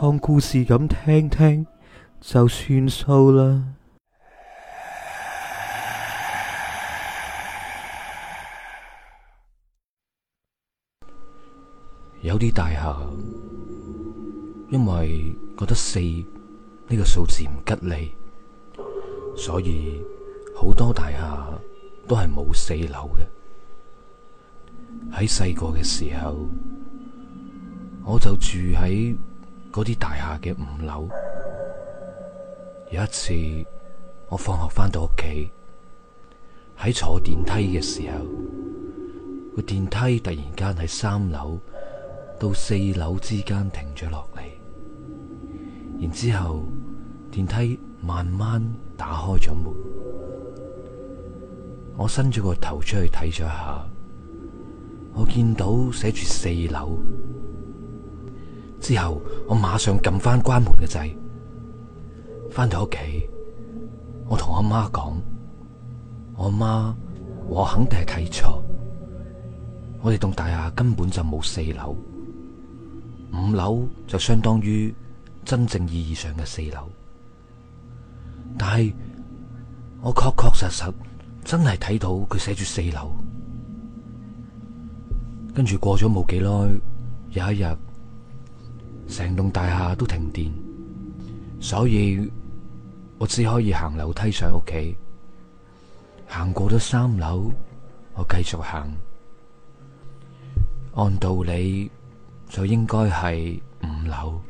當故事咁聽聽就算數啦。有啲大廈因為覺得四呢個數字唔吉利，所以好多大廈都係冇四樓嘅。喺細個嘅時候，我就住喺。嗰啲大廈嘅五樓，有一次我放學翻到屋企，喺坐電梯嘅時候，個電梯突然間喺三樓到四樓之間停咗落嚟，然之後電梯慢慢打開咗門，我伸咗個頭出去睇咗下，我見到寫住四樓。之後我馬上撳翻關門嘅掣，翻到屋企，我同我媽講：我媽，我肯定係睇錯，我哋棟大廈根本就冇四樓，五樓就相當於真正意義上嘅四樓，但係我確確實實真係睇到佢寫住四樓，跟住過咗冇幾耐，有一日。成棟大廈都停電，所以我只可以行樓梯上屋企。行過咗三樓，我繼續行。按道理就應該係五樓，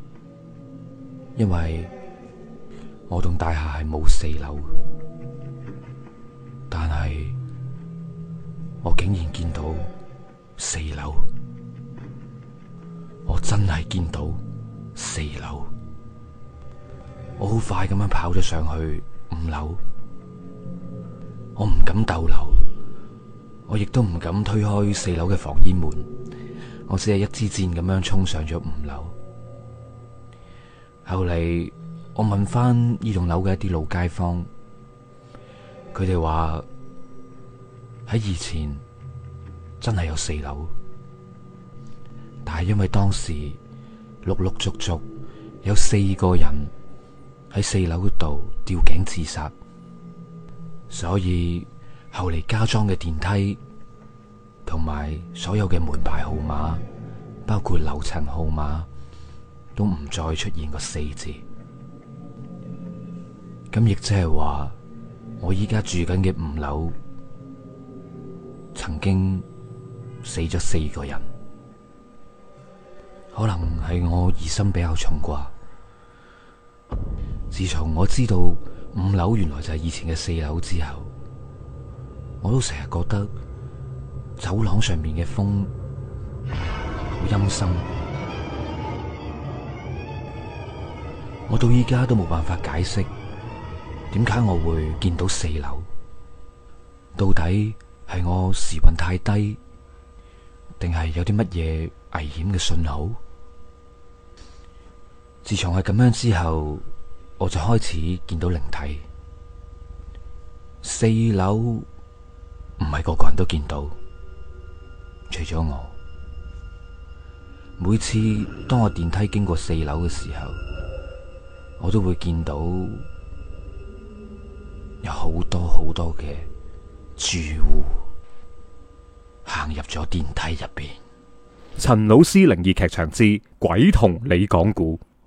因為我棟大廈係冇四樓。但係我竟然見到四樓，我真係見到。四樓，我好快咁樣跑咗上去五樓，我唔敢逗留，我亦都唔敢推開四樓嘅防煙門，我只係一支箭咁樣衝上咗五樓。後嚟我問翻呢棟樓嘅一啲老街坊，佢哋話喺以前真係有四樓，但係因為當時。陸陸續續有四個人喺四樓嗰度吊頸自殺，所以後嚟加裝嘅電梯同埋所有嘅門牌號碼，包括樓層號碼，都唔再出現個四字。咁亦即係話，我依家住緊嘅五樓，曾經死咗四個人。可能係我疑心比較重啩。自從我知道五樓原來就係以前嘅四樓之後，我都成日覺得走廊上面嘅風好陰森。我到依家都冇辦法解釋，點解我會見到四樓？到底係我時運太低，定係有啲乜嘢危險嘅信號？自從係咁樣之後，我就開始見到靈體。四樓唔係個個人都見到，除咗我。每次當我電梯經過四樓嘅時候，我都會見到有好多好多嘅住戶行入咗電梯入邊。陳老師靈異劇場之「鬼同你講故」。